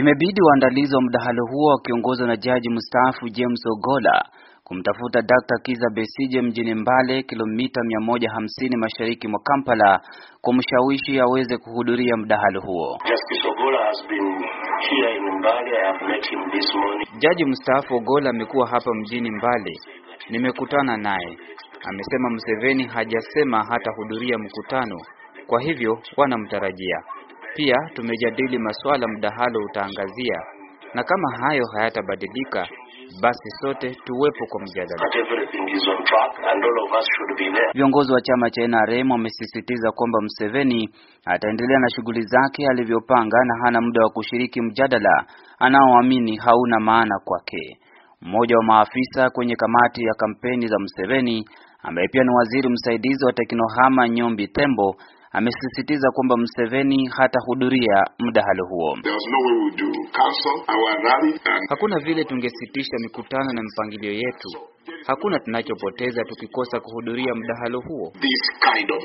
Imebidi waandalizi wa mdahalo huo wakiongozwa na jaji mstaafu James Ogola kumtafuta Dr. Kiza Besije mjini Mbale, kilomita 150 mashariki mwa Kampala, kumshawishi aweze kuhudhuria mdahalo huo. Jaji mstaafu Ogola amekuwa hapa mjini Mbale, nimekutana naye. Amesema Museveni hajasema hatahudhuria mkutano, kwa hivyo wanamtarajia. Pia tumejadili masuala mdahalo utaangazia, na kama hayo hayatabadilika, basi sote tuwepo kwa mjadala. Viongozi wa chama cha NRM wamesisitiza kwamba mseveni ataendelea na shughuli zake alivyopanga na hana muda wa kushiriki mjadala anaoamini hauna maana kwake. Mmoja wa maafisa kwenye kamati ya kampeni za mseveni ambaye pia ni waziri msaidizi wa teknohama Nyombi Tembo amesisitiza kwamba Museveni hatahudhuria mdahalo huo. Hakuna vile tungesitisha mikutano na mipangilio yetu. Hakuna tunachopoteza tukikosa kuhudhuria mdahalo huo. Kind of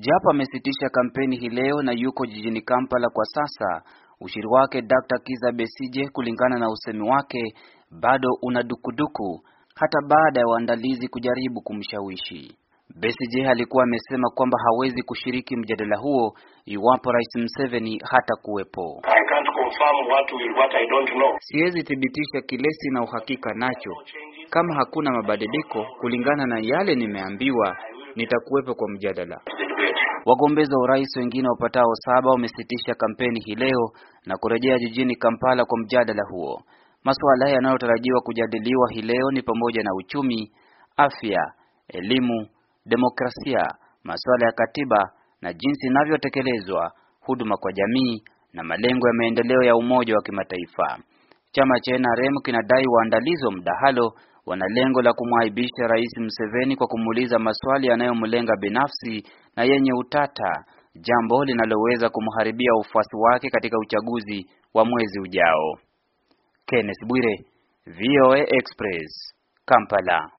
japo amesitisha kampeni hii leo na yuko jijini Kampala kwa sasa, ushiri wake Dr. Kiza Besije, kulingana na usemi wake, bado una dukuduku hata baada ya waandalizi kujaribu kumshawishi. Besigye alikuwa amesema kwamba hawezi kushiriki mjadala huo iwapo Rais Museveni hatakuwepo. Siwezi thibitisha kile sina uhakika nacho. Kama hakuna mabadiliko kulingana na yale nimeambiwa, nitakuwepo kwa mjadala. Wagombeza wa urais wengine wapatao saba wamesitisha kampeni hii leo na kurejea jijini Kampala kwa mjadala huo. Masuala yanayotarajiwa kujadiliwa hii leo ni pamoja na uchumi, afya, elimu demokrasia, masuala ya katiba na jinsi inavyotekelezwa, huduma kwa jamii na malengo ya maendeleo ya Umoja wa Kimataifa. Chama cha NRM kinadai waandalizi wa mdahalo wana lengo la kumwaibisha Rais Museveni kwa kumuuliza maswali yanayomlenga binafsi na yenye utata, jambo linaloweza kumharibia ufuasi wake katika uchaguzi wa mwezi ujao. Kenneth Bwire, VOA Express, Kampala.